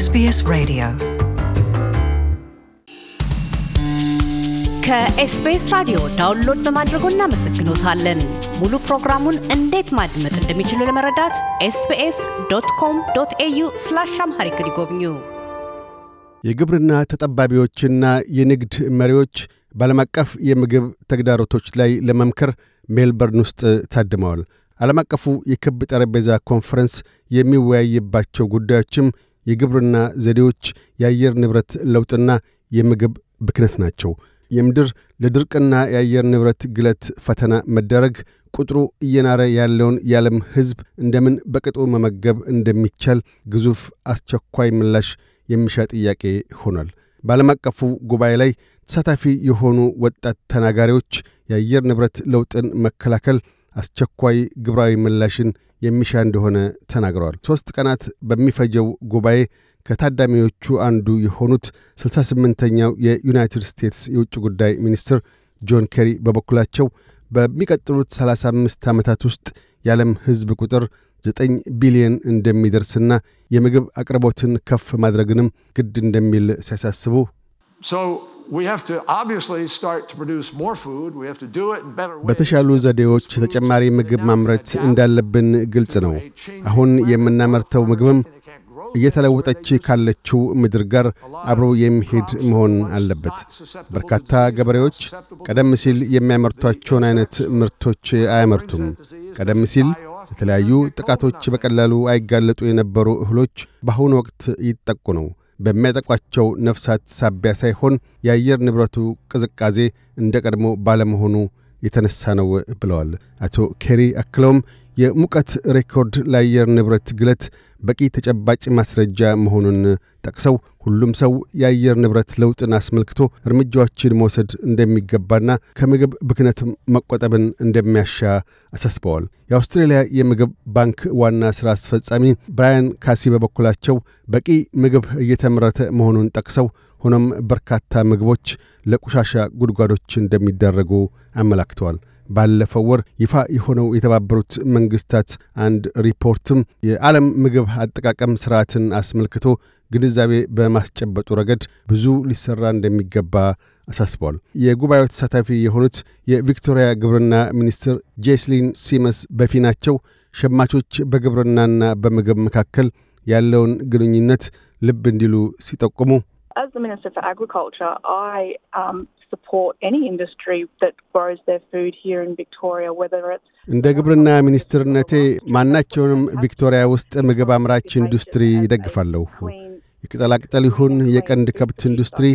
ኤስቢኤስ ሬዲዮ ከኤስቢኤስ ራዲዮ ዳውንሎድ በማድረጎ እናመሰግኖታለን። ሙሉ ፕሮግራሙን እንዴት ማድመጥ እንደሚችሉ ለመረዳት ኤስቢኤስ ዶት ኮም ዶት ኤዩ ስላሽ አምሃሪክ ይጎብኙ። የግብርና ተጠባቢዎችና የንግድ መሪዎች በዓለም አቀፍ የምግብ ተግዳሮቶች ላይ ለመምከር ሜልበርን ውስጥ ታድመዋል። ዓለም አቀፉ የክብ ጠረጴዛ ኮንፈረንስ የሚወያይባቸው ጉዳዮችም የግብርና ዘዴዎች የአየር ንብረት ለውጥና የምግብ ብክነት ናቸው። የምድር ለድርቅና የአየር ንብረት ግለት ፈተና መደረግ ቁጥሩ እየናረ ያለውን የዓለም ሕዝብ እንደምን በቅጡ መመገብ እንደሚቻል ግዙፍ አስቸኳይ ምላሽ የሚሻ ጥያቄ ሆኗል። በዓለም አቀፉ ጉባኤ ላይ ተሳታፊ የሆኑ ወጣት ተናጋሪዎች የአየር ንብረት ለውጥን መከላከል አስቸኳይ ግብራዊ ምላሽን የሚሻ እንደሆነ ተናግረዋል። ሦስት ቀናት በሚፈጀው ጉባኤ ከታዳሚዎቹ አንዱ የሆኑት 68ኛው የዩናይትድ ስቴትስ የውጭ ጉዳይ ሚኒስትር ጆን ኬሪ በበኩላቸው በሚቀጥሉት 35 ዓመታት ውስጥ የዓለም ሕዝብ ቁጥር 9 ቢሊዮን እንደሚደርስና የምግብ አቅርቦትን ከፍ ማድረግንም ግድ እንደሚል ሲያሳስቡ በተሻሉ ዘዴዎች ተጨማሪ ምግብ ማምረት እንዳለብን ግልጽ ነው። አሁን የምናመርተው ምግብም እየተለወጠች ካለችው ምድር ጋር አብሮ የሚሄድ መሆን አለበት። በርካታ ገበሬዎች ቀደም ሲል የሚያመርቷቸውን አይነት ምርቶች አያመርቱም። ቀደም ሲል የተለያዩ ጥቃቶች በቀላሉ አይጋለጡ የነበሩ እህሎች በአሁኑ ወቅት ይጠቁ ነው። በሚያጠቋቸው ነፍሳት ሳቢያ ሳይሆን የአየር ንብረቱ ቅዝቃዜ እንደ ቀድሞ ባለመሆኑ የተነሳ ነው ብለዋል አቶ ኬሪ አክለውም የሙቀት ሬኮርድ ለአየር ንብረት ግለት በቂ ተጨባጭ ማስረጃ መሆኑን ጠቅሰው ሁሉም ሰው የአየር ንብረት ለውጥን አስመልክቶ እርምጃዎችን መውሰድ እንደሚገባና ከምግብ ብክነት መቆጠብን እንደሚያሻ አሳስበዋል። የአውስትሬልያ የምግብ ባንክ ዋና ሥራ አስፈጻሚ ብራያን ካሲ በበኩላቸው በቂ ምግብ እየተመረተ መሆኑን ጠቅሰው ሆኖም በርካታ ምግቦች ለቆሻሻ ጉድጓዶች እንደሚደረጉ አመላክተዋል። ባለፈው ወር ይፋ የሆነው የተባበሩት መንግስታት አንድ ሪፖርትም የዓለም ምግብ አጠቃቀም ስርዓትን አስመልክቶ ግንዛቤ በማስጨበጡ ረገድ ብዙ ሊሰራ እንደሚገባ አሳስቧል። የጉባኤው ተሳታፊ የሆኑት የቪክቶሪያ ግብርና ሚኒስትር ጄስሊን ሲመስ በፊናቸው ሸማቾች በግብርናና በምግብ መካከል ያለውን ግንኙነት ልብ እንዲሉ ሲጠቁሙ As the Minister for Agriculture, I um, support any industry that grows their food here in Victoria, whether it's እንደ ግብርና ሚኒስትርነቴ ማናቸውንም ቪክቶሪያ ውስጥ ምግብ አምራች ኢንዱስትሪ ይደግፋለሁ። የቅጠላቅጠል ይሁን የቀንድ ከብት ኢንዱስትሪ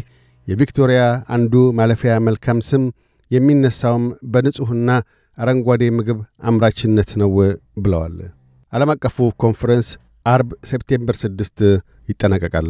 የቪክቶሪያ አንዱ ማለፊያ መልካም ስም የሚነሳውም በንጹሕና አረንጓዴ ምግብ አምራችነት ነው ብለዋል። ዓለም አቀፉ ኮንፈረንስ አርብ ሴፕቴምበር 6 ይጠናቀቃል።